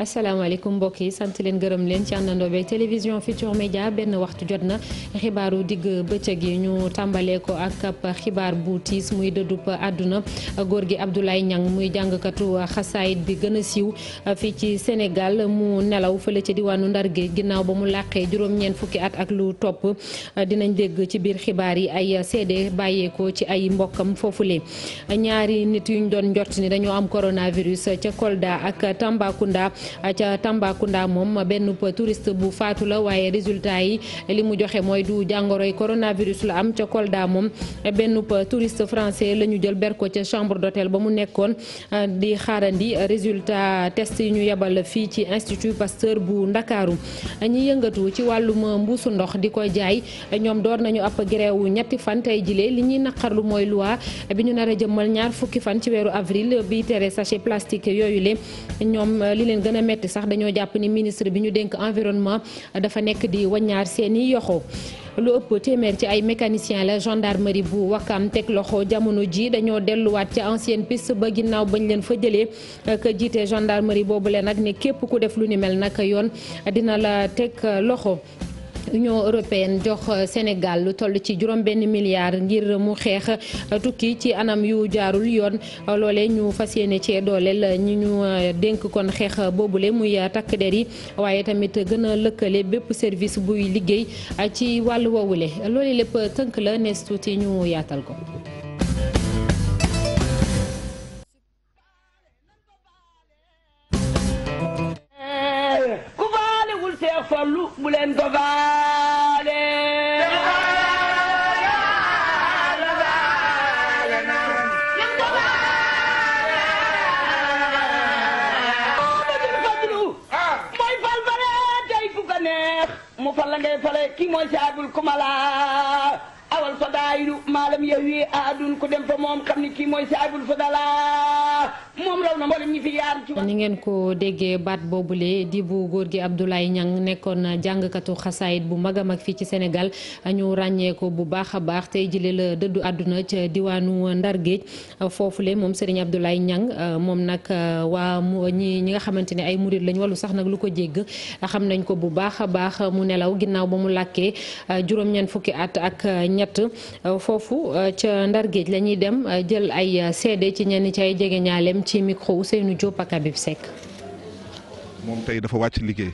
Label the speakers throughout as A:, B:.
A: asalaamaaleykum mbokk yi sant leen gërëm leen ci àndandoo beeg télévision Futurs Médias benn waxtu jot na xibaaru digg bëccëg yi ñu tàmbalee ko ak ab xibaar bu tiis muy dëddub àdduna góor gi Abdoulaye Niang muy jàngkatu xasaayit bi gën a siiw fii ci senegal mu nelaw fële ci diwaanu Ndar géej ginnaaw ba mu làqee juróom-ñeent fukki at ak lu topp dinañ dégg ci biir xibaar yi ay seede bàyyeekoo ci ay mbokkam foofu lee ñaari nit yuñ doon njort ni dañoo am coronavirus ca Kolda ak Tambacounda ca Tambacounda moom benn touriste bu faatu la waaye résultat yi li mu joxe mooy du jàngoroy coronavirus la am ca Kolda moom benn touriste français la ñu jël berko ko ca chambre d'hôtel ba mu nekkoon di xaarandi résultat test yi ñu yebal fii ci institut Pasteur bu Ndakaaru ñi yëngatu ci wàllum mbuusu ndox di ko jaay ñoom door nañu ab grève ñetti fan tey jilee li ñuy naqarlu mooy loi bi ñu nar a jëmmal ñaar fukki fan ci weeru avril bi plastique yooyu le a métti sax dañoo jàpp ni ministre bi ñu dénk environnement dafa nekk di waññaar seeni yoxo lu ëpp téeméer ci ay mécanisiens la gendarmerie bu Wakam teg loxo jamono ji dañoo delluwaat ca ancienne piste ba ginnaaw bañ leen fa jëlee ka jiite gendarmerie boobu leen nag ni képp ku def lu ni mel naka yoon dina la teg loxo Union européenne jox euh, Sénégal lu toll ci juróom benn ngir mu xeex euh, tukki ci anam yu jaarul yoon euh, loole ñu fas yéene cee dooleel ñi ñu dénk kon xeex boobule muy takk der yi waaye tamit gën a lëkkale bépp service buy liggéey ci wàllu woowule loole lépp tënk la nees tuuti ñu yaatal ko. ni ngeen ko déggee baat boobule di bu góor gi Abdoulaye ñang nekkoon jàngkatu xasaayit bu mag a mag fii ci Sénégal ñu ràññee bu baax a baax tey jëlee la dëddu àdduna ca diwaanu Ndar Géej foofule moom Serigne Abdoulaye Niang moom nag waa ñi ñi nga xamante ne ay murit lañ wàllu sax nag lu ko jégg xam nañ ko bu baax a baax mu nelaw ginnaaw ba mu làkkee juróom-ñeent fukki at ak ñett foofu ca Ndar Géej la dem jël ay seede ci ñenn ci ay jegeñaaleem ci micro Ousseynou Diop ak Habib
B: moom tey dafa wàcc liggéey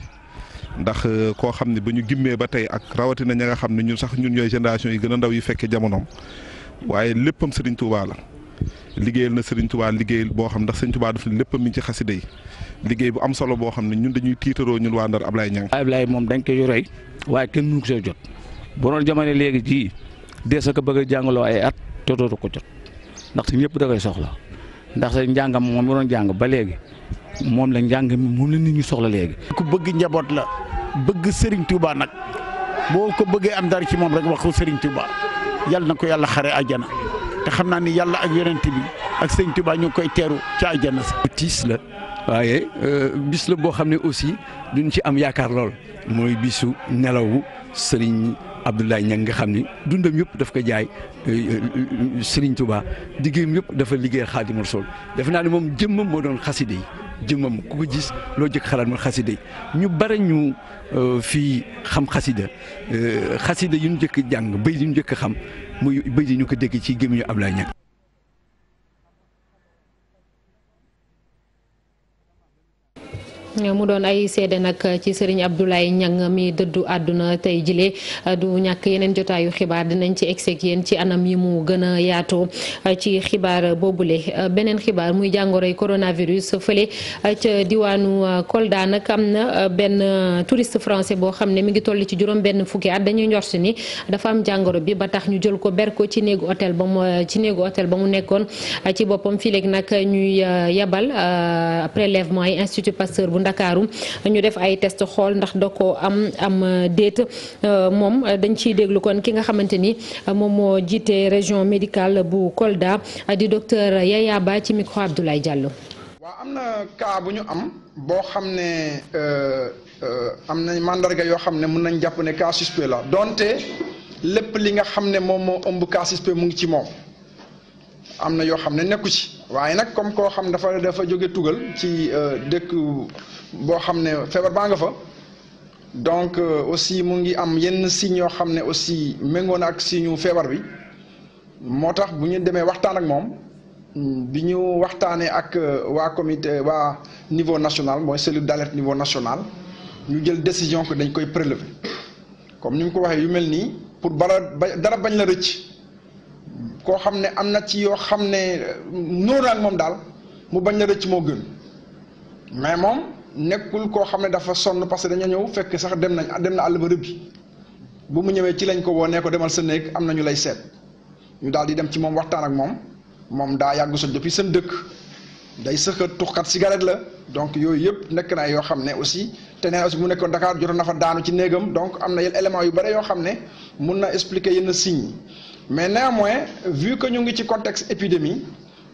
B: ndax euh, koo xam ne ba ñu gimmee ba tey ak rawatina ña nga xam ne ñun sax ñun ñooy génération yi gën a ndaw yi fekkee jamonoom waaye léppam Serigne Touba la. liggéeyal na Serigne Touba liggéeyal boo xam ndax Serigne Touba daf ne léppam mi ci xasida yi liggéey bu am solo boo xam ne ñun dañuy tiitaroo ñun waa Ndar Ablaye Niang. Ablaye moom dañ koy roy waaye kenn
C: mënu ko soo jot bu doon jamono léegi jii des sa ko bëgg a jàngaloo ay at te dootu ko
D: jot ndax ñëpp da soxla ndax sa njàngam moom mi doon jàng ba léegi moom la njàng mi moom la nit ñi soxla léegi. ku bëgg njaboot la bëgg Serigne Touba nag boo ko bëggee am dara ci moom rek wax ko Serigne Touba yàlla na ko yàlla xare àjjana te xam naa ni yàlla ak yonent bi ak Serigne Touba ñu koy teeru ca àjjana si. tiis la waaye euh, bis la boo xam ne aussi duñ ci am yaakaar lool mooy bisu nelawu Serigne. Abdoulaye Niang nga xam ni dundam yëpp daf ko jaay euh, euh, Serigne Touba liggéeyam yëpp dafa liggéey Xaadimu sol defe naa ne moom jëmmam moo doon xaside yi jëmmam ku ko gis loo jëkk xalaat mooy xasida yi ñu bare ñu euh, fii xam xasida euh, xasida yu ñu jëkk jàng bay yu ñu jëkk xam muy bay yi ñu ko dégg ci gémmiñu laay Niang
A: mu doon ay seede nag ci sëriñ Abdoulaye Niang mi dëddu àdduna tey jile du ñàkk yeneen jotaayu xibaar dinañ ci egseeg yéen ci anam yi mu gën a yaatoo ci xibaar boobu boobule beneen xibaar muy jàngoro jàngoroy coronavirus fële ca diwaanu Kolda nag am na benn touriste français boo xam ne mi ngi toll ci juróom benn fukki at dañuy njort ni dafa am jàngoro bi ba tax ñu jël ko ber ko ci néegu hôtel ba mu ci néegu hôtel ba mu nekkoon ci boppam fii léegi nag ñuy uh, yabal uh, prélèvement yi Institut ndakaaru ñu def ay test xool ndax da koo am am euh, déet euh, moom euh, dañ ciy déglu kon ki nga xamante ni moom moo jiite région médical bu Kolda di docteur Yaya Ba ci micro Abdoulaye Diallo. waaw am na
E: cas bu ñu am boo xam ne am nañ mandarga yoo xam ne mën nañ jàpp ne cas la donte lépp li nga xam ne moom moo ëmb cas suspect mu ngi ci moom. am na yoo xam ne nekku ci waaye nag comme koo xam dafa dafa jóge tugal ci euh, dëkk boo xam ne feebar baa nga fa donc euh, aussi mu ngi am yenn signes yoo xam ne aussi méngoo na ak signe feebar bi moo tax bu ñu demee waxtaan ak moom bi ñu waxtaanee ak euh, waa comité waa niveau national mooy cellule d'alerte niveau national ñu jël décision que dañ koy prélever comme ni mu ko waxee yu mel nii pour bara dara bañ la rëcc. koo xam ne am na ci yoo xam ne ñëw na moom daal mu bañ la rëcc moo gën mais moom nekkul koo xam ne dafa sonn parce que dañoo ñëw fekk sax dem nañ dem na àll ba rëbbi bu mu ñëwee ci lañ ko woo nee ko demal sa néeg am na ñu lay seet ñu daal di dem ci moom waxtaan ak moom moom daa yàgg soj depuis seen dëkk day sëqat tuxkat cigarette la donc yooyu yëpp nekk naa yoo xam ne aussi te nee aussi bu nekkoon Dakar jotoon na fa daanu ci néegam donc am na yenn yu bare yoo xam ne mun na expliquer yenn signes mais néanmoins vu que ñu ngi ci contexte épidémie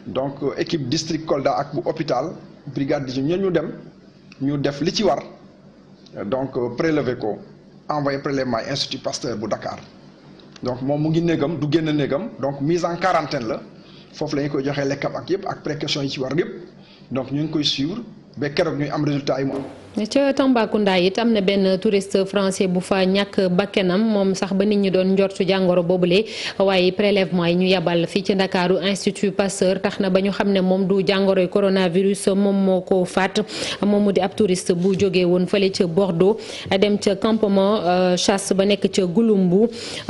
E: donc euh, équipe district Kolda ak bu hôpital brigade di ñun ñu dem ñu def li ci war donc euh, prélever ko envoyé prélèvement institut Pasteur bu Dakar donc moom mu ngi néegam du génn néegam donc mise en quarantaine la foofu la ñu koy joxee lekkam ak yëpp ak précaution yi ci war yëpp donc ñu ngi koy suivre ba keroog ñuy am résultat yi mu am
A: ca Tambacounda it am na benn touriste français bu fa ñàkk bakkenam moom sax ba nit ñi doon su jàngoro boobu boobule waaye prélèvement yi ñu yabal fii ci ndakaaru Institut Pasteur tax na ba ñu xam ne moom du jàngoroy coronavirus moom moo ko faat moom mu di ab touriste bu jóge woon fële ca Bordeaux dem ca campement euh, chasse ba nekk ca Gouloumbou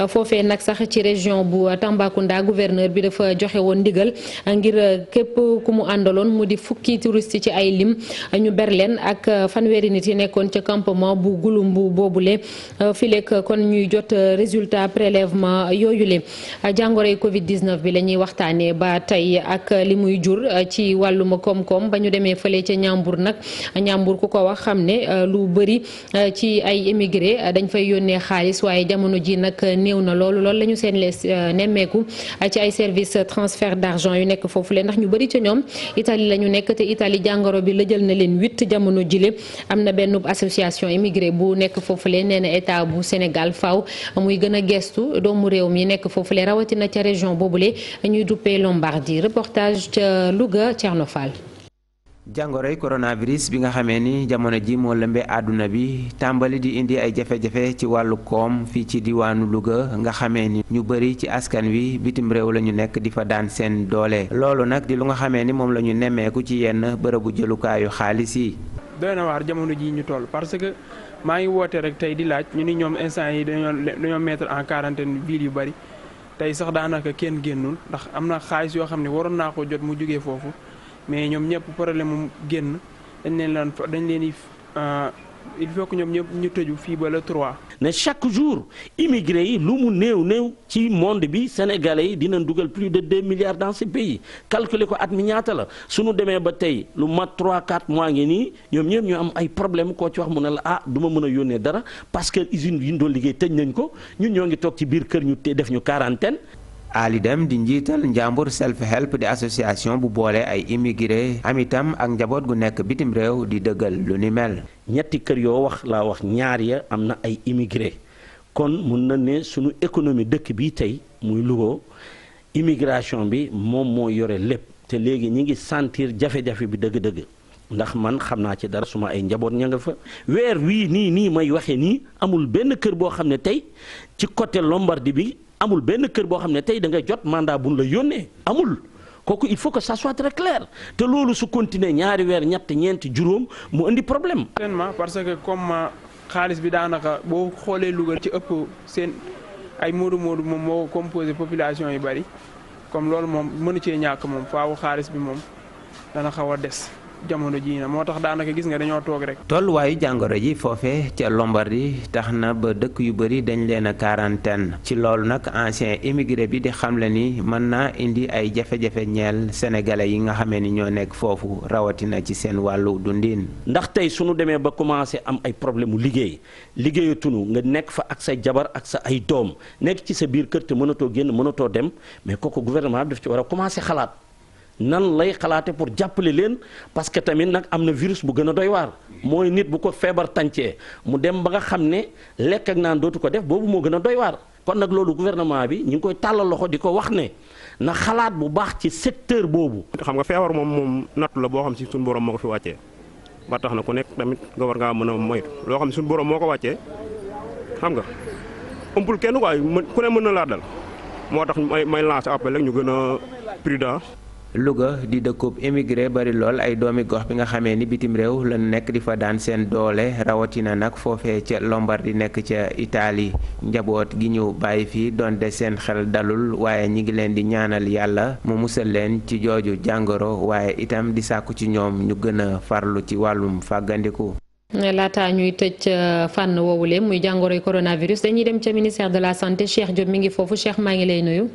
A: foofee nag sax ci région bu Tambacounda gouverneur bi dafa joxe woon ndigal ngir képp ku mu àndaloon mu di fukki touriste ci ay lim ñu ber leen ak fanweeri nit yi nekkoon ca campement bu Gouloumbou boobule euh, fileek euh, kon ñuy jot euh, résultat prélèvement yooyule jàngoroy Covid 19 bi la ñuy waxtaanee ba tey ak li muy jur ci wàllum koom-koom ba ñu demee fële ca Ñambur nag Ñambur ku ko wax xam ne lu bëri ci ay émigré dañ fay yónnee xaalis waaye jamono ji nag néew na loolu loolu lañu ñu seen lees nemmeeku ci ay service transfert d'argent yu nekk foofu le ndax ñu bëri ca ñoom Italie la nekk te Italie jàngoro bi am na benn association immigré bu nekk foofulee nee na état bu Sénégal faw muy gën a gestu doomu réew mi nekk foofu foofulee rawatina ca région boobule ñuy duppee Lombardie reportage ca Louga Thierno Fall.
F: jàngoroy coronavirus bi nga xamee ni jamono ji moo lëmbee àdduna bi tàmbali di indi ay jafe-jafe ci wàllu koom fii ci diwaanu Louga nga xamee ni ñu bëri ci askan wi bitim réew la ñu nekk di fa daan seen doole loolu nag di lu nga xamee ni moom la ñu nemmeeku ci yenn bërëbu jëlukaayu xaalis yi
G: doy na waar jamono jii ñu toll parce que maa ngi woote rek tey di laaj ñu ni ñoom instant yi dañoo dañoo en quarantaine ville yu bari tey sax daanaka kenn génnul ndax am na xaalis yoo xam ne waroon naa ko jot mu jógee foofu mais ñoom ñëpp problème mu génn dañ leen lan dañ leen di euh, il faut ñoom ñëpp ñu tëju fii ba le 3
C: ne chaque jour immigré yi lu mu néew néew ci monde bi sénégalais yi dina dugal plus de deux milliards dans ce pays calculer ko at mi ñaata la suñu demee ba tey lu mat 3 4 mois ngi nii ñoom ñëpp ñu am ay problème koo ci wax mu ne la ah duma mën a yónnee dara parce que usine yi ñu doon liggéey tëj
F: nañ ko ñun ñoo ngi toog ci biir kër ñu te def ñu quarantaine Ali Deme di njiital Njàmbur self help di association bu boole ay immigré am itam ak njaboot gu nekk bitim réew di dëggal lu ni mel. ñetti kër yoo wax laa wax ñaar ya am na ay immigré
C: kon mun na ne suñu économie dëkk bi tey muy Louga immigration bi moom moo yore lépp te léegi ñi ngi sentir jafe-jafe bi dëgg-dëgg. ndax man xam naa ci dara suma ay njaboot ña nga fa weer wii nii nii may waxe nii amul benn kër boo xam ne tey ci côté lombardi bi amul benn kër boo xam ne tey da ngay jot mandat bu ñu la yónnee amul kooku il faut que ça soit très clair te loolu su continuer ñaari weer ñett ñeenti juróom mu indi
G: problème. certainement parce que comme euh, xaalis bi daanaka boo xoolee Louga ci ëpp seen ay moodu moodu moom moo composé population yi bari comme loolu moom mënu cee ñàkk moom faaw xaalis bi moom dana xaw a des. jamono jii na moo tax daanaka gis nga dañoo toog rek.
F: tolluwaayu jàngoro ji foofe ca Lombardie tax na ba dëkk yu bëri dañ leen a quarantaine ci loolu nag ancien immigré bi di xamle ni mën naa indi ay jafe-jafe ñeel sénégalais yi nga xamee ni ñoo nekk foofu rawatina ci seen wàllu dundin. ndax tey suñu demee ba commencé am ay problème mu liggéey liggéeyatunu nga nekk fa ak sa
C: jabar ak sa ay doom nekk ci sa biir kër te mënatoo génn mënatoo dem mais kooku gouvernement nan lay xalaate pour jàppale leen parce que tamit nag am na virus bu gën a doy waar mooy nit bu ko feebar tàncee mu dem ba nga xam ne lekk ak naan dootu ko def boobu moo gën a doy waar kon nag loolu gouvernement bi ñu ngi koy tàllal loxo di ko wax ne na xalaat bu
H: baax ci secteur boobu xam nga feebar moom moom nattu la boo xam si suñu borom moo ko fi wàccee ba tax na ku nekk tamit nga war ngaa mën a moytu loo xam ne suñu borom moo ko wàccee xam nga ëmpul kenn quoi ku ne mën na laa dal moo tax may may lancer appel rek ñu gën a
F: prudent Louga di dëkkub émigré bari lool ay doomi gox bi nga xamee ni bitim réew la nekk di fa daan seen doole rawatina nag foofee ca Lombardi nekk ca Italie njaboot gi ñu bàyyi fii donte seen xel dalul waaye ñi ngi leen di ñaanal yàlla mu musal leen ci jooju jàngoro waaye itam di sàkku ci ñoom ñu gën a farlu ci wàllum fàggandiku.
A: laata ñuy tëj euh, fànn woowule muy jàngoroy coronavirus dañuy dem ca ministère de la santé Cheikh Diop mi ngi foofu Cheikh maa ngi lay nuyu.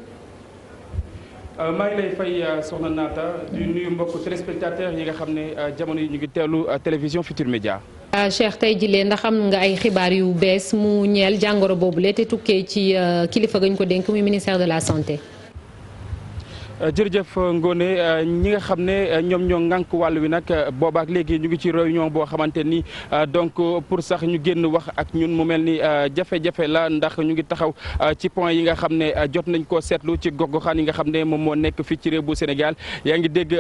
F: Euh, maa
G: ngi lay fay euh, soxna Naata di nuyu mbokk téléspectateurs yi nga xam ne euh, jamono yi ñu ngi teelu télévision Futur Média.
A: Cheikh tey jilee ndax am nga ay xibaar yu bees mu ñeel jàngoro boobule te tukkee ci kilifa gañ ko dénk muy ministère de la santé.
G: Euh, jërëjëf euh, Ngone euh, ñi nga xam ne ñoom ñoo ŋànk wàll wi nag boobaak léegi ñu ngi ci réunion boo xamante ni donc pour sax ñu génn wax ak ñun mu mel ni jafe-jafe la ndax ñu ngi taxaw ci point yi nga xam ne jot nañ koo seetlu ci gox yi nga xam ne moom moo nekk fii ci réew bu Sénégal yaa ngi dégg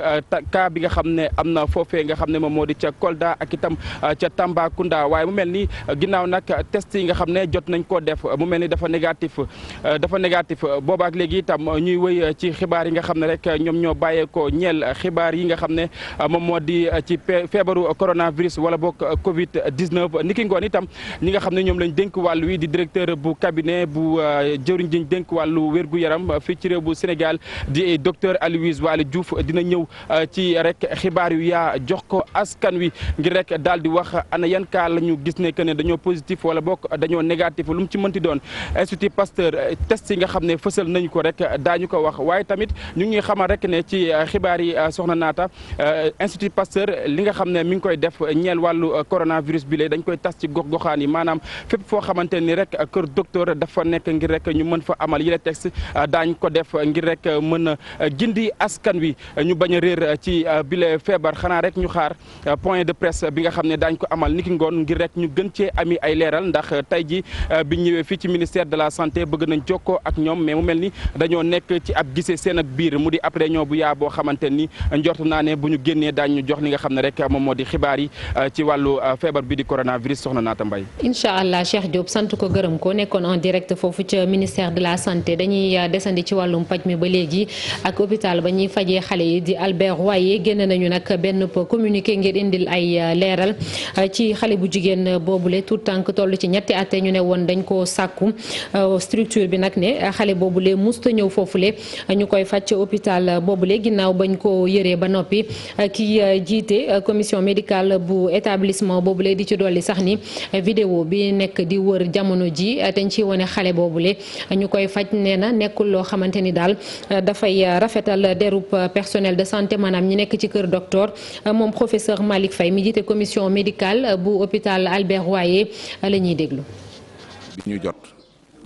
G: cas bi nga xam ne am na foofee nga xam ne moom moo di ca Kolda ak itam ca Tambacounda waaye mu mel ni ginnaaw nag test yi nga xam ne jot nañ koo def mu mel ni dafa négatif dafa négatif boobaak léegi itam ñuy wëy ci xibaar yi nga xam ne rek ñoom ñoo bàyyeekoo ñeel xibaar yi nga xam ne euh, moom moo di euh, ci feebaru coronavirus wala bokk euh, Covid 19. niki ngoon itam ñi nga xam ne ñoom lañ dénk wàllu wi di directeur bu cabinet bu jëwriñ jiñ dénk wàllu wérgu yaram fii ci réew bu Sénégal di docteur Aloyse Waly Diouf dina ñëw ci rek xibaar yu yaa jox ko askan wi ngir rek daal di wax ana yan cas la ñu gis ne que ne dañoo positif wala bokk dañoo négatif lu mu ci mënti doon institut Pasteur test yi nga xam ne fësal nañu ko rek daañu ko wax waaye tamit ñu ngi xamal rek ne ci euh, xibaar yi euh, soxna naata euh, institut Pasteur li nga xam ne mi ngi koy def ñeel wàllu coronavirus bi lay dañ koy tas ci gox goxaan yi maanaam fépp foo xamante ni rek kër docteur dafa nekk ngir rek ñu mën fa amal yile texte daañ ko def ngir rek mën a gindi askan wi ñu bañ a réer ci bile feebar xanaa rek ñu xaar point de presse bi nga xam ne daañ ko amal niki ngoon ngir rek ñu gën cee ami ay leeral ndax tey ji bi ñëwee fii ci ministère de la santé bëgg nañ jokko ak ñoom mais mu mel ni dañoo nekk ci ab gisee seen ak biir mu di ab réunion bu yaa boo xamante ni njort naa ne bu ñu génnee daañu jox li nga xam ne rek moom moo di xibaar yi euh, ci wàllu euh, feebar bi di coronavirus soxna Naata Mbaye.
A: incha allah Cheikh Diop sant ko gërëm ko nekkoon en direct foofu ca ministère de la santé dañuy euh, desandi ci wàllum paj mi ba léegi ak hôpital ba ñuy fajee xale yi di Albert waaye génn nañu nag benn communiqué ngir indil ay leeral ci xale bu jigéen boobu boobule tout tànk toll ci ñetti at ñu ne woon dañ koo sàkku structure bi nag ne xale boobule musta ñëw foofule ñu hôpital boobule ginnaaw bañ ko yëree ba noppi ki euh, jiite euh, commission médicale bu boobu boobule di ci dolli sax ni vidéo bi nekk di wër jamono ji teñ euh, ci wane xale boobule ñu koy faj nee na nekkul loo xamante ni daal dafay rafetal derub personnel de santé maanaam ñi nekk ci kër docteur moom professeur Malick Faye mi jiite commission médical bu hôpital Albert Royer la ñuy déglu.
B: bi ñu jot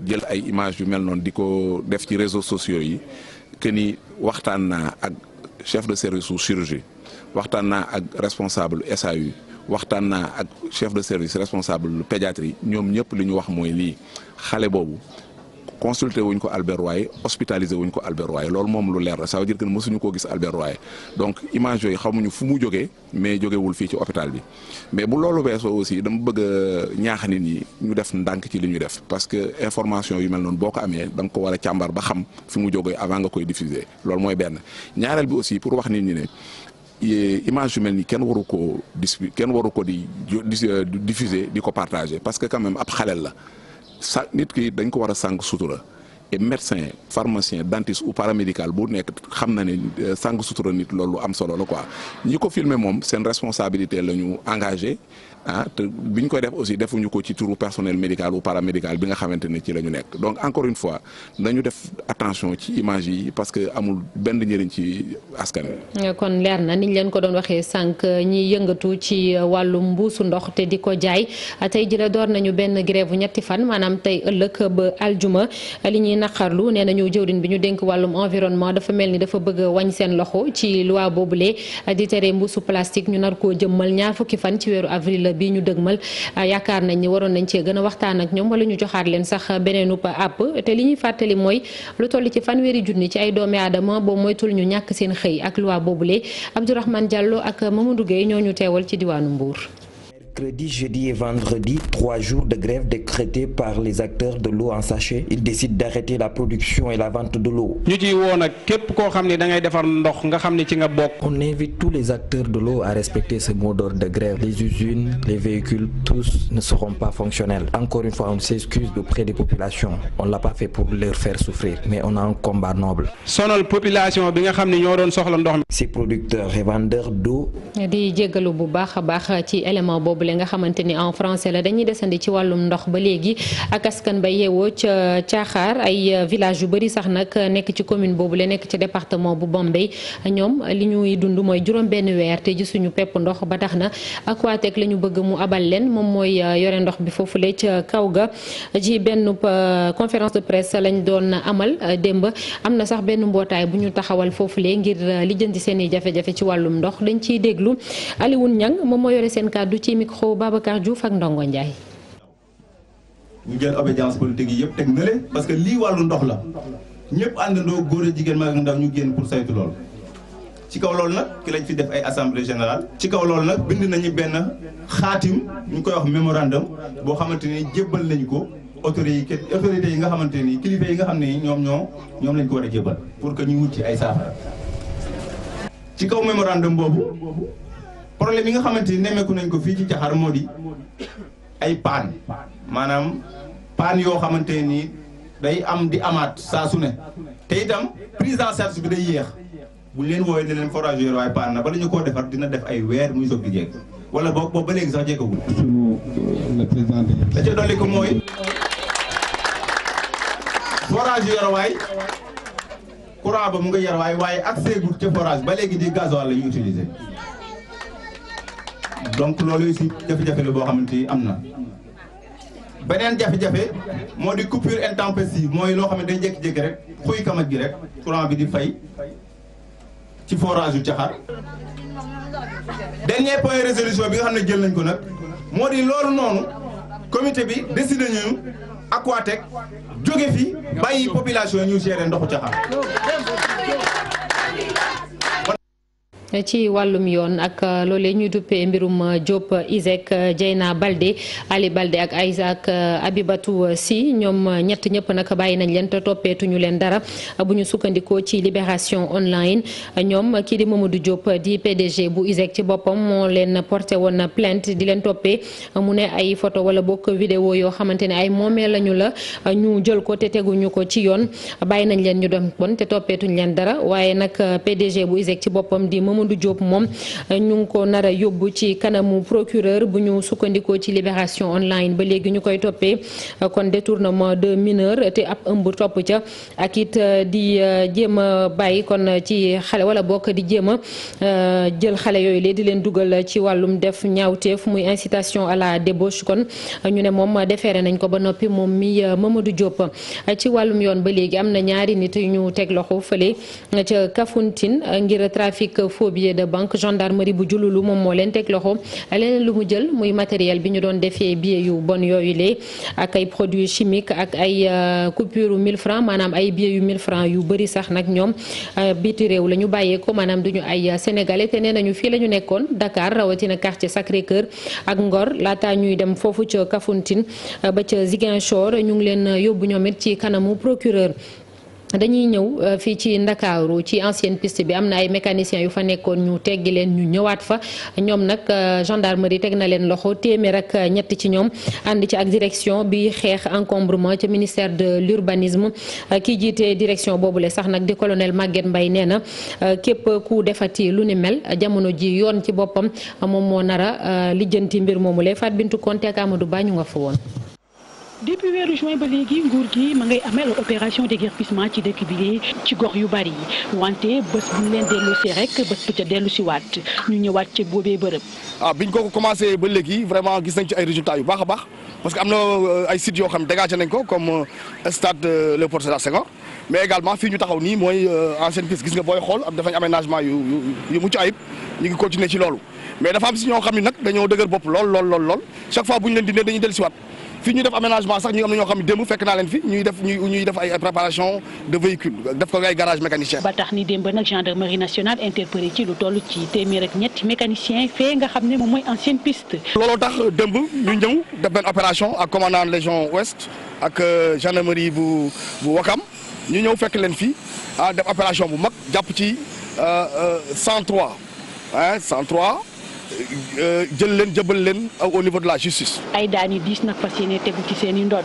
B: jël ay image yu mel noonu di ko def ci réseau sociaux yi que ni waxtaan naa ak chef de service su chirurgie waxtaan naa ak responsable SAU waxtaan na ak chef de service responsable pédiatrie ñoom ñëpp li ñu wax mooy lii xale boobu consulté wuñ ko Albert Royer hospitalisé wuñ ko Albert Royer loolu moom lu leer la ça veut dire mësuñu koo gis Albert Royer donc image yooyu xamuñu fu mu jógee mais jógewul fii ci hôpital bi mais bu loolu weesoo aussi dama bëgg a ñaax nit ñi ñu def ndànk ci li ñu def parce que information yu mel noonu boo ko amee da ko war a càmbar ba xam fi mu jógee avant nga koy diffuser loolu mooy benn ñaareel bi aussi pour wax nit ñi ne image yu mel ni kenn waru ko dis kenn waru ko di diffuser di ko partager parce que quand même ab xaleel la sa nit ki dañ ko war a sànq sutura et médecin pharmacien dentiste ou paramédical bu nekk xam na ni euh, sànq sutura nit loolu am solo la quoi ñi ko filmer moom seen responsabilité la ñu engagé. ah te bi ñu koy def aussi defuñu ko ci turu personnel médical ou paramédical bi nga xamante ne ci la ñu nekk donc encore une fois nañu def attention ci image yi parce que amul benn njëriñ ci askan wi.
A: kon leer na niñ leen ko doon waxee sànq ñiy yëngatu ci wàllum mbuusu ndox te di ko jaay tey jii la door nañu benn bu ñetti fan maanaam tey ëllëg ba aljuma li ñuy naqarlu nee nañu jëwriñ bi ñu dénk wàllum environnement dafa mel ni dafa bëgg wañ seen loxo ci loi boobule di tere mbuusu plastique ñu nar koo jëmmal ñaar fukki fan ci weeru avril. bi ñu dëgmal ah, yaakaar nañ ni waroon nañ cee gën a waxtaan ak ñoom wala ñu joxaat leen sax beneen upp àpp te li ñuy fàttali mooy lu toll ci fanweeri junni ci ay doomi aadama boo moytul ñu ñàkk seen xëy ak loi boobule Abdourahmane Diallo ak Mamadou duggee ñoo ñu teewal ci diwaanu mbuur
F: mercredi, jeudi et vendredi, trois jours de grève décrétés par les acteurs de l'eau en Ils décident d'arrêter la production et la vente de l'eau. On invite tous les acteurs de l'eau à respecter ce mot de grève. Les usines, les véhicules, tous ne seront pas fonctionnels. Encore une fois, on s'excuse auprès des populations. On ne l'a pas fait pour leur faire souffrir, mais on a un combat noble.
A: boobule nga xamante ni en français la dañuy desandi ci wàllum ndox ba léegi ak askan ba yeewoo ca caaxaar ay village yu bëri sax nag nekk ci commune boobu la nekk ci département bu Bombay ñoom li ñuy dund mooy juróom benn weer te gisuñu pepp ndox ba tax na Aquatec la ñu bëgg mu abal leen moom mooy euh, yore ndox bi foofu foofule ca kaw ga ji benn euh, conférence de presse lañ doon amal euh, démb am na sax benn mbootaay bu ñu taxawal foofu foofule ngir lijjanti seen i jafe-jafe ci wàllum ndox dañ ciy déglu micro Babacar Diouf ak Ndongo Ndiaye.
I: ñu jël obédience politique yi yëpp teg na parce que lii wàllu ndox la ñëpp àndandoo góor a jigéen mag ndaw ñu génn pour saytu lool. ci kaw lool nag ki lañ fi def ay assemblée général ci kaw lool nag bind nañu benn xaatim ñu koy wax mémorandum boo xamante ni jébbal nañu ko autorités autorités yi nga xamante ni kilifa yi nga xam ne ñoom ñoo ñoom lañ ko war a jébbal pour que ñu wut ci ay saafara ci kaw mémorandum boobu. problème yi nga xamante ni nemmeeku nañ ko fii ci Jaxaar moo di ay paan maanaam paan yoo xamante ni day am di amaat saa ne tey itam prise en charge bi day yéex bu leen woowee ne leen forage yooyu waaye paan na ba ñu koo defar dina def ay weer muy soog di jeeg wala boog boobu ba léegi sax jeegagul.
G: suñu euh, le président de. la ko mooy
I: forage Yorowaay courant ba mu nga Yorowaay waaye accès gu ca forage ba léegi di gasoil la ñu donc loolu si jafe-jafe la boo xamante ni am na. beneen jafe-jafe moo di coupure yi mooy loo xam ne day jékki-jékki rek xuy kamat gi rek courant bi di fay ci forage yu Caxar. dernier point résolution bi nga xam ne jël nañ ko nag moo di loolu noonu comité bi décidé ñu Aquatec jóge fi bàyyi population ñu gérer ndoxu Caxar.
A: ci wàllum yoon ak euh, loolee ñuy duppee mbirum euh, Diop euh, Isaac Dieyna Baldé Ali balde ak Isaac abibatu Si ñoom ñett ñëpp nag bàyyi nañ leen te toppeetuñu leen dara bu ñu sukkandikoo ci Libération Online ñoom kii di Mamadou Diop di PDG bu Isaac ci boppam moo leen porté woon plainte di leen toppee mu ne ay photo wala bokk vidéo yoo xamante ne ay moomeel lañu la ñu jël ko te teguñu ko ci yoon bàyyi nañ leen ñu dem bon te toppeetuñu leen dara waaye nag PDG bu Isaac Mamadou Diop moom euh, ñu ngi ko nar a yóbbu ci kanamu procureur bu ñu sukkandikoo ci libération online ba léegi ñu koy toppee euh, kon détournement de mineur te ab ëmb topp ak it euh, di jéem a bàyyi kon ci xale wala bokk di jéem a jël xale yooyu lee di leen dugal ci wàllum def ñaawteef muy incitation à la débauche kon ñu ne moom defeere nañ ko ba noppi moom mi Mamadou Diop ci wàllum yoon ba léegi am na ñaari nit ñu teg loxo fële ca Kafountine ngir trafic faux faux billet de banque gendarmerie bu lu moom moo leen teg loxo leneen lu mu jël muy matériel bi ñu doon defee billet yu bon yooyu lee ak ay produits chimiques ak ay euh, coupure mille 1000 francs maanaam ay billet yu 1000 francs yu bëri sax nag ñoom euh, biti réew la ñu bàyyee ko maanaam duñu ay euh, sénégalais te nee nañu fii la ñu nekkoon Dakar rawatina quartier Sacré Cœur ak Ngor laata ñuy dem foofu ca Kafountine ba ca Ziguinchor ñu ngi leen yóbbu ñoom it ci kanamu procureur dañuy ñëw euh, fii ci Ndakaaru ci ancienne piste bi am na ay mécaniciens yu fa nekkoon ñu teggi leen ñu ñëwaat fa ñoom nag euh, gendarmerie teg na leen loxo téeméer ak euh, ñett ci ñoom ànd ci ak direction bi xeex encombrement ci ministère de l'urbanisme kii jiite direction boobule sax nag di kolonel Maguette mbay nee na képp ku defati lu ni mel jamono ji yoon ci boppam moom moo nara lijjanti mbir moomu lee Fatou Bintou Konté ak Amadou Ba ñu nga fa woon depuis weeru juin ba léegi nguur gi ma ngay amel opération déguerpissement ci dëkk bi de ci gox yu bari wante bés bu ñu leen dellu si rek bés bu ca dellu si waat ñu ñëwaat ci boobee bërëb.
D: ah biñ ko commencé ba léegi vraiment gis nañ ci ay résultats yu baax a baax parce que am na euh, ay sites yoo xam ne nañ ko comme euh, stade euh, Léopold Sédar Senghor mais également fii ñu taxaw nii mooy ancienne piste gis nga booy xool am dafañ aménagement yu yu mucc ayib ñu ngi continuer ci loolu mais dafa am si ñoo xam ne nag dañoo dëgër bopp lool lool lool lool chaque fois bu ñu leen dindee fi ñu def aménagement sax ñu am na ñoo xam ne démb fekk naa leen fi ñuy def ñuy def ay préparation de véhicule def ko ay garage mécanicien
A: ba tax ni démb nag gendarmerie nationale interpellé ci lu toll ci mi rek ñetti mécanicien fee nga xam ne moom mooy ancienne piste.
D: looloo tax démb ñu ñëw def benn opération ak commandant légion ouest ak euh, gendarmerie bu bu Wakam ñu ñëw fekk leen fii a ah, def opération bu mag jàpp ci 103 ah 103. Euh, jël leen jëbal leen au niveau de la justice.
A: ay daan yu diis nag fas yéene tegu ci seen i ndodd.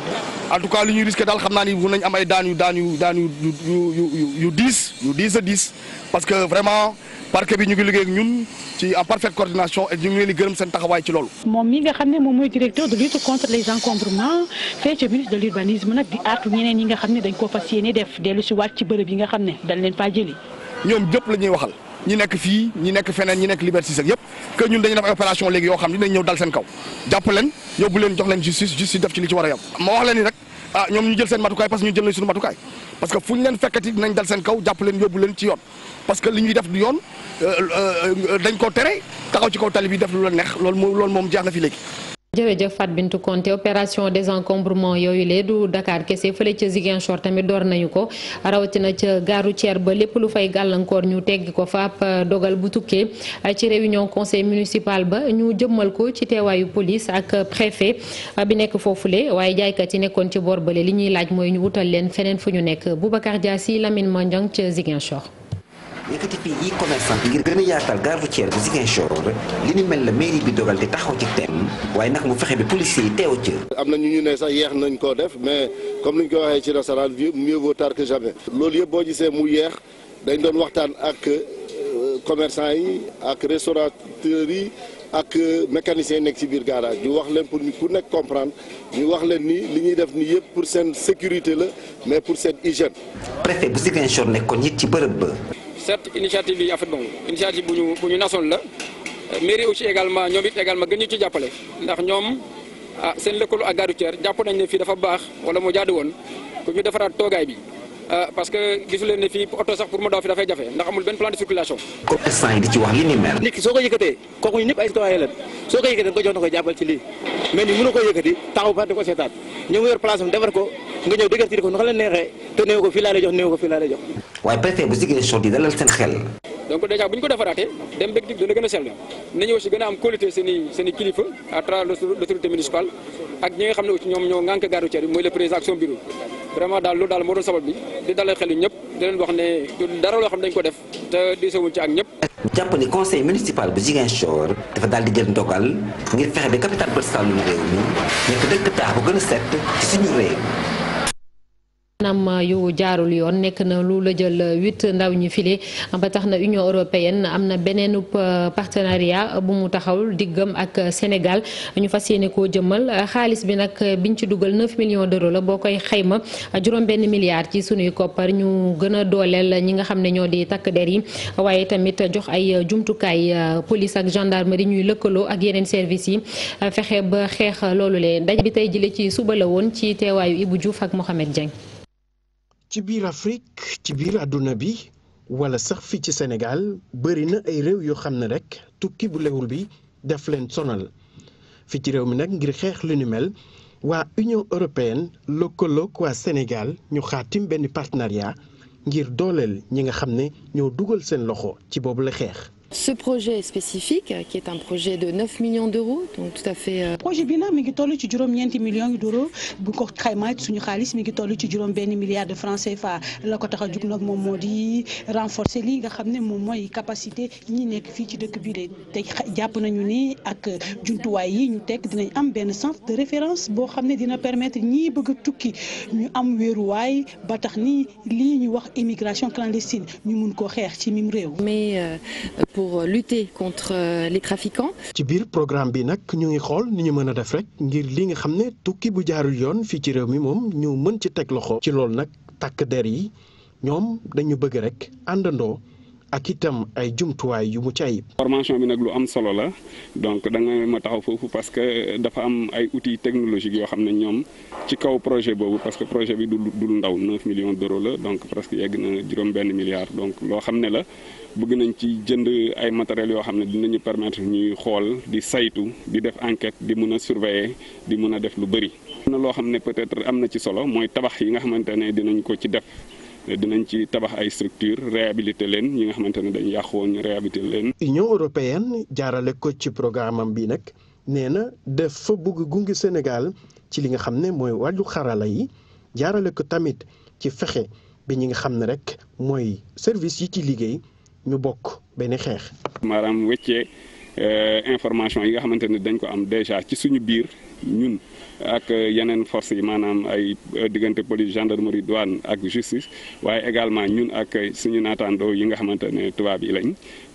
D: en ñuy risqué daal xam naa ni am ay daan yu daan yu diis a diis parce que vraiment parquet bi ñu ngi liggéey ñun ci en parfaite coordination et ñu ngi leen di gërëm seen taxawaay ci loolu.
A: moom mi nga xam ne moom mooy directeur de lutte contre nga xam ne dañ koo fas yéene def dellu si waat ci bërëb yi nga xam ne dañ leen faa jëli. ñoom ñëpp la
D: waxal. ñi nekk fii ñi nekk feneen ñi nekk Liberté sax yëpp que ñun dañu def ay opération léegi yoo xam ne dinañ ñëw dal seen kaw jàpp leen yóbbu leen jox leen justice justice def ci li ci war a yam ma wax leen ni rek ah ñoom ñu jël seen matukaay parce que ñun jël nañ suñu matukaay parce que fu ñu leen fekkati dinañ dal seen kaw jàpp leen yóbbu leen ci yoon parce que li ñuy def du yoon euh, euh, euh, dañ ko tere taxaw ci kaw tali bi def lu la neex lool moom loolu moom jeex na fi léegi
A: jërëjëf Fat Bintou Konté opération désencombrement yooyu lee du Dakar kese fële ca Ziguinchor tamit door nañu ko rawatina ca gare routière ba lépp lu fay gàllankoor ñu teggi ko fa ab euh, dogal bu tukkee euh, ci réunion conseil municipal ba ñu jëmmal ko ci teewaayu polis ak euh, préfet bi nekk foofule waaye jaaykat yi nekkoon ci boor bale li ñuy laaj mooy ñu wutal leen feneen fu ñu nekk Boubacar Diassi Lamine Mandiang ca Ziguinchor
C: yëkkati fii yi commerçant ngir gën a yaatal gare routière bi Ziguinchor li ni mel la mairie bi dogal di taxaw ci tem waaye nag mu fexe bi policier yi
D: teew ci am na ñu ñu ne sax yeex nañ koo def mais comme ni ñu ko waxee ci nasaraan mieux vaut tard que jamais loolu yëpp boo gisee mu yeex dañ doon waxtaan ak euh, commerçant yi ak restaurateurs yi ak euh, mécanicien yi nekk ci biir garage ñu wax leen pour ñu ku nekk comprendre ñu wax leen ni li ñuy def ni yëpp pour seen sécurité la mais pour seen hygiène préfet bu
C: nekkoon it ci bërëb ba
D: certes initiative
G: yi affaire boobu initiative bu ñu bu ñu nasoon la mairie aussi également ñoom it également gën ñu ci jàppale ndax ñoom ah, seen lëkkaloo ak gare routière jàpp nañ ne fii dafa baax wala mu jaadu woon ku ñu defaraat toogaay bi ah, parce que gisu ne fii oto sax pour mu daw fi dafay jafe ndax amul benn plan de circulation.
C: comme instant yi di ci wax li ni mel. nit
G: ki soo ko yëkkatee kooku ñun ñëpp ay citoyen la soo ko yëkkatee nga ko jox na
I: ko jàppal ci lii mais ni mënoo ko yëkkati taxaw nga ñëw déggee
G: si ko nu xam la neexee te néew ko fii jox néew ko fii jox.
C: waaye préfet bu Ziguinchor di dalal seen xel.
G: donc ko defaraatee nga xam ne aussi ñoom ñoo ngànk gare routière bi mooy le président daal moo doon sabab bi di dalal xel yi ñëpp wax ne dara loo xam dañ ko def te diisawuñ ci ak ñëpp. jàpp ni conseil municipal bu
C: Ziguinchor dafa daal di jël ndogal ngir fexe ba capitale Bët Saalum réew mi nekk dëkk taax bu gën a set ci suñu réew.
A: anam yu jaarul yoon nekk na lu la jël huit ndaw ñi file ba tax na Union européenne am na beneen euh, partenariat bu mu taxawul diggam ak Sénégal ñu fas yéene koo jëmmal xaalis bi nag biñ ci dugal 9 millions la boo koy xayma juróom-benn ci sunuy koppar ñu gën a dooleel ñi nga xam ne ñoo di takk der yi waaye tamit jox ay jumtukaay euh, police ak gendarmerie ñuy lëkkaloo ak yeneen service yi fexe ba xeex loolu lee daj bi tey jile ci suba la woon ci teewaayu Ibou Diouf ak Mohamed Dieng.
J: ci biir Afrique ci biir àdduna bi wala sax fii ci Sénégal bëri na ay réew yoo xam ne rek tukki bu lewul bi def leen sonal fii ci réew mi nag ngir xeex lu ni mel waa Union européenne lëkkaloog waa Sénégal ñu xaatim benn partenariat ngir dooleel ñi nga xam ne ñoo dugal seen loxo
A: ci boobu la xeex. Ce projet spécifique euh, qui est un projet de 9 millions d'euros donc tout à fait. Euh, projet bi nag mi ngi toll ci juróom-ñeenti millions d'euros bu ko xaymaa suñu xaalis mi ngi toll ci juróom benn milliard de francs fa la ko tax a jug nag moom moo di renforcer lii nga xam ne moom mooy capacité ñi nekk fii ci dëkk bi de te jàpp nañu nii ak jumtuwaay yi ñu tekk dinañ am benn centre de référence boo xam ne dina permettre ñii bëgg tukki ñu am wéeruwaay ba tax ni lii ñu wax immigration clandestine ñu mun koo xeex ci mim réew. mais. Euh, pour euh, lutter contre euh, les trafiquants.
J: ci biir programme bi nag ñu ngi xool ni ñu mën a def rek ngir li nga xam ne tukki bu jaarul yoon fii ci réew mi moom ñu mën ci teg loxo. ci loolu nag takk der yi ñoom dañu bëgg rek àndandoo. ak itam ay jumtuwaay yu mu caay.
H: formation bi nag lu am solo la donc da ma taxaw foofu parce que dafa am ay outils technologiques yoo xam ne ñoom ci kaw projet boobu parce que projet bi du dul ndaw 9 millions d'euros la donc presque yegg juróom benn milliard donc loo xam ne la. bëgg nañ ci jënd ay matériels yoo xam ne dinañu permettre ñuy xool di saytu di def enquête di mën a surveiller di mën a def lu bëri. na loo xam ne peut-être am na ci solo mooy tabax yi nga xamante ne dinañ ko ci def. dinañ ci tabax ay structure réhabilité leen ñi nga xamante ne dañ yàqu ñu réhabilité leen.
J: Union européenne jaarale ko ci programme am bi nag nee na fa bëgg gunge Sénégal ci li nga xam ne mooy wàllu xarala yi jaarale ko tamit ci fexe bi ñi nga xam ne rek mooy service yi ci liggéey ñu bokk benn xeex.
H: maanaam wéccee euh, information yi nga xamante ne dañ ko am déjà ci suñu biir ñun ak euh, yeneen force yi maanaam ay euh, diggante police gendarmerie douane ak justice waaye également ñun ak suñu naataandoo yi nga xamante ne tubaab yi lañ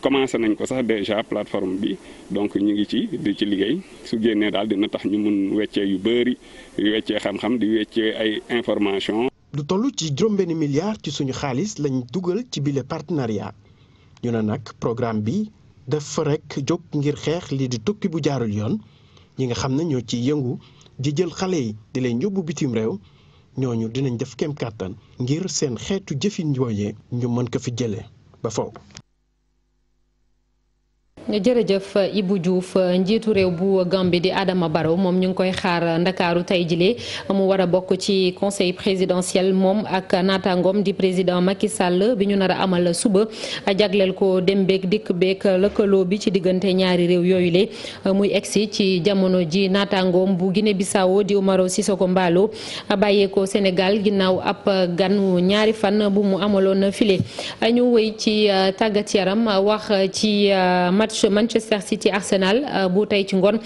H: commencé nañ ko sax déjà plateforme bi donc ñu ngi ci di ci liggéey su génnee daal dina tax ñu mun weccee yu bëri yu weccee xam-xam di weccee ay information
J: du toll ci juróom benn milliard ci suñu xaalis lañ dugal ci bile partenariat ñu ne nag programme bi dafa rekk jóg ngir xeex lii di tukki bu jaarul yoon ñi nga xam ne ñoo ciy yëngu di jël xale yi di leen yóbbu bitim réew ñooñu dinañ def kem kàttan ngir seen xeetu jëfin yooyee ñu mën ko fi jëlee ba faw
A: jërëjëf Ibou Diouf njiitu réew bu Gambie di Adama Barrow moom ñu ngi koy xaar ndakaaru tey jile mu war a bokk ci conseil présidentiel moom ak nataangoom di président Macky Sall bi ñu nar a amal suba jagleel ko dem beeg dikk beeg lëkkaloo bi ci diggante ñaari réew yooyu le muy egsi ci jamono ji nataangoom bu Guinée Bissau di Umaro Sissoco Embaló bàyyeekoo Sénégal ginnaaw ab ganu ñaari fan bu mu amaloon file ñu wéy ci uh, tàggat yaram wax ci uh, match Manchester City Arsenal euh, bu tey ci ngoon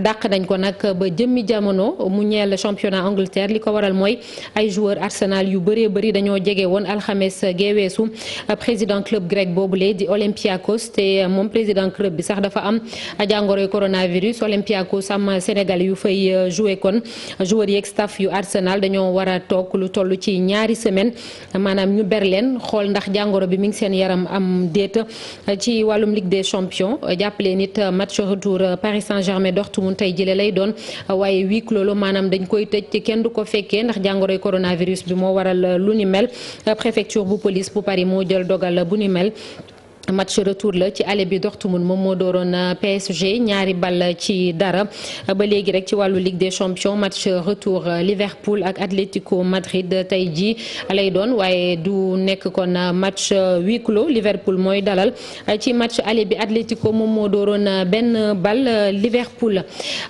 A: dàq nañ ko nag ba jëmmi jamono mu ñeel championnat Angleterre li ko waral mooy ay joueur Arsenal yu bëree bëri dañoo jege woon alxames geeweesu président club grec boobule di Olympiakos te moom président club bi sax dafa am jàngoro jàngoroy coronavirus Olympiakos am Sénégal yu fay euh, joué kon joueur yeeg staff yu Arsenal dañoo war a toog lu toll ci ñaari semaine maanaam ñu ber leen xool ndax jàngoro bi mu ngi seen yaram am déet ci wàllum Ligue Lyon jàppale nit euh, match retour euh, Paris Saint-Germain Dortmund tey jële lay doon euh, waaye huis clos maanaam dañ koy tëj te kenn du ko fekkee ndax jàngoroy coronavirus bi moo waral lu ni mel préfecture bu police bu Paris moo jël dogal bu ni mel match retour la ci aller bi doxtu Dortmund moom moo dooroon euh, PSG ñaari bal ci dara ba léegi rek ci wàllu Ligue des Champions match retour euh, Liverpool ak Atlético Madrid tey jii lay doon waaye du nekk kon euh, match huis clos Liverpool mooy dalal ci match aller bi Atlético moom moo dooroon benn bal Liverpool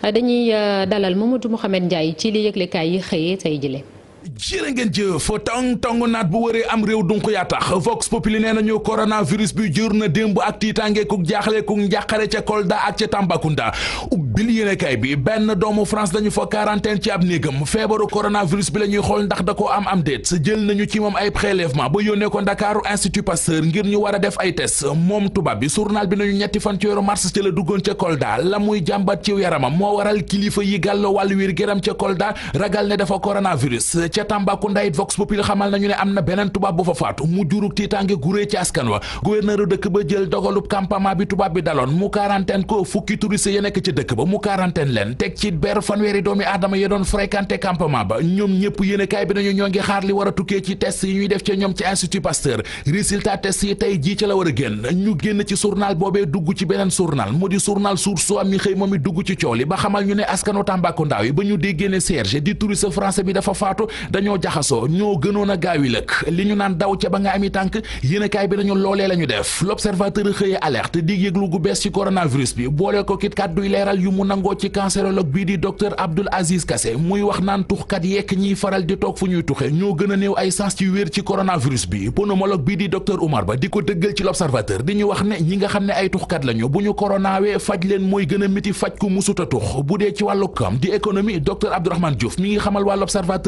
A: dañuy dalal Mamadou Mouhamed Ndiaye ci li yëglekaay yi xëyee tey jile
K: jërë ngeen jëf tong tong naat bu waree am réew dunq yaa tax vox populi nee nañu coronavirus bi jur na démb ak tiitaange ku jaaxle ku njàqare ca Kolda ak ca Tambacounda ubbil yéenekaay bi benn doomu France dañu fa quarantaine ci ab néegam feebaru coronavirus bi la ñuy xool ndax da koo am am déet jël nañu ci moom ay prélèvement ba yónnee ko Ndakaaru Institut Pasteur ngir ñu war a def ay test moom tubaab bi journal bi nañu ñetti fan ci weeru mars ci la duggoon ca Kolda la muy jàmbat ci yaramam moo waral kilifa yi gàllo wàllu wiir gëram ca Kolda ragal ne dafa coronavirus ca Tambacounda it Vox Populi xamal nañu ne am na beneen tubaab bu fa faatu mu jurug tiitaange gurée ci askan wa gouverneur dëkk ba jël dogalub campement bi tubaab bi daloon mu quarantaine ko fukki touriste ya nekk ca dëkk ba mu quarantaine leen teg ci ber fanweeri doomi aadama ya doon fréquenté campement ba ñoom ñëpp yéene kaay bi nañu ñoo ngi xaar li war a tukkee ci test yi ñuy def ca ñoom ci institut Pasteur résultat test yi tey jii ca la war a génn ñu génn ci journal boobee dugg ci beneen journal mu di journal Source A xëy moom dugg ci coow li ba xamal ñu ne askanu Tambacounda yi ba ñu déggee ne CRG di touriste français bi dafa faatu dañoo jaxasoo ñoo gënoon a gaawi lëkk li ñu naan daw ca ba nga ami tànk yéenekaay bi nañu loolee la ñu def l'observateur xëye alerte di yëglu gu bees ci coronavirus bi boole ko kit kàdduy leeral yu mu nangoo ci cancérologue bii di docteur Abdoul Aziz Kassé muy wax naan tuxkat yekk ñiy faral di toog fu ñuy tuxe ñoo gën a néew ay sens ci wér ci coronavirus bi pneumologue bii di docteur Oumar Ba di ko dëggal ci l'observateur di ñu wax ne ñi nga xam ne ay tuxkat lañu bu ñu coronawee faj leen a miti faj ku musuta tux bu dee ci wàllu kam di économie docteur Abdourahmane Diouf mi ngi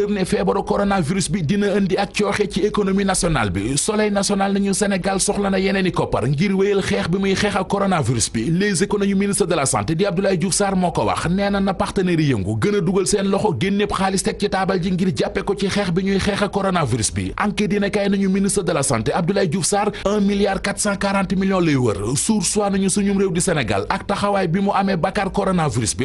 K: ne feebaru coronavirus bi dina indi ak cooxe ci économie nationale bi soleil national nañu Sénégal soxla na yeneen i koppar ngir wéyal xeex bi muy xeex ak coronavirus bi les économies ministre de la santé di Abdoulaye Diouf Sarr moo ko wax nee na na partenaires yëngu gën dugal seen loxo génnépp xaalis teg ci taabal ji ngir jàppe ko ci xeex bi ñuy xeex ak coronavirus bi enquête dina kay nañu ministre de la santé Abdoulaye Diouf Sarr 1 milliard 440 millions lay wër suur soit nañu suñum réew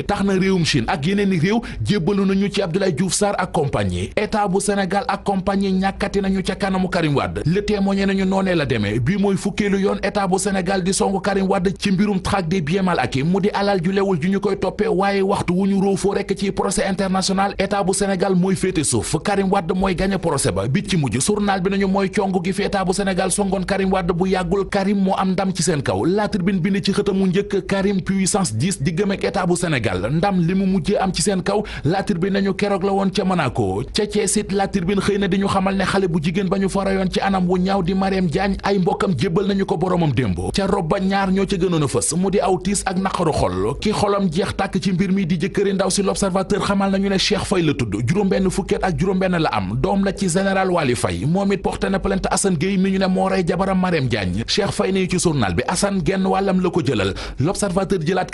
K: tax na réewum Chine ak yeneen i réew jébbalu nañu ci Abdoulaye Diouf Sarr ak compagnie état bu Sénégal ak compagnie ñàkkati nañu ca kanamu Karim Wade le témoigné nañu noonee la demee bii mooy fukkeelu yoon état bu Sénégal di songu Karim Wade ci mbirum traque des biens mal acquis mu di alal ju ju ñu koy toppee waaye waxtu wu ñu roofoo rekk ci procès international état bu Sénégal mooy féete suuf Karim Wade mooy gañe procès ba bit ci mujj journal bi nañu mooy cong gi fi état bu Sénégal songoon Karim Wade bu yàggul Karim moo am ndam ci seen kaw La Tribune bind ci xëtamu njëkk Karim puissance 10 diggam ak état bu Sénégal mu mujjee am ci seen kaw La Tribune nañu keroog la woon ca Monaco ca Thiès it la tribune xëy na di ñu xamal ne xale bu jigéen ba ñu fa rayoon ci anam wu ñaaw di Mariam Diagne ay mbokkam jébbal nañu ko boromam démb ca rob ñaar ñoo ca gënoon a fës mu di aw tiis ak naqaru xol ki xolam jeex tàkk ci mbir mi di jëkkëri ndaw si l'observateur xamal nañu ne Cheikh Faye la tudd juróom-benn fukket ak juróom-benn la am doom la ci général Wali Faye moom it porté na plainte Assane Gueye mi ñu ne moo rey jabaram Mariam Diagne Cheikh Faye nañu ci journal bi Assane genn wàllam la ko jëlal l'observateur jëlaat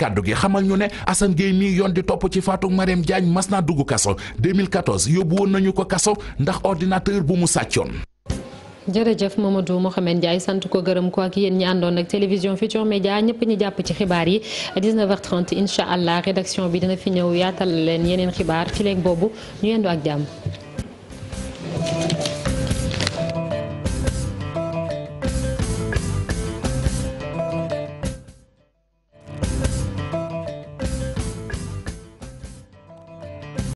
K: ñu ne Assane Gueye mii yoon di topp ci faatu Mariam Diagne mas naa dugg tëjuñu ko kaso ndax ordinateur bu mu sàccoon.
A: jërëjëf Mamadou Mohamed Ndiaye sant ko gërëm ko ak yéen ñi àndoon nag télévision Futurs Médias ñëpp ñi jàpp ci xibaar yi 19h30 incha allah rédaction bi dina fi ñëw yaatal leen yeneen xibaar fileeg boobu ñu yendu ak jàmm.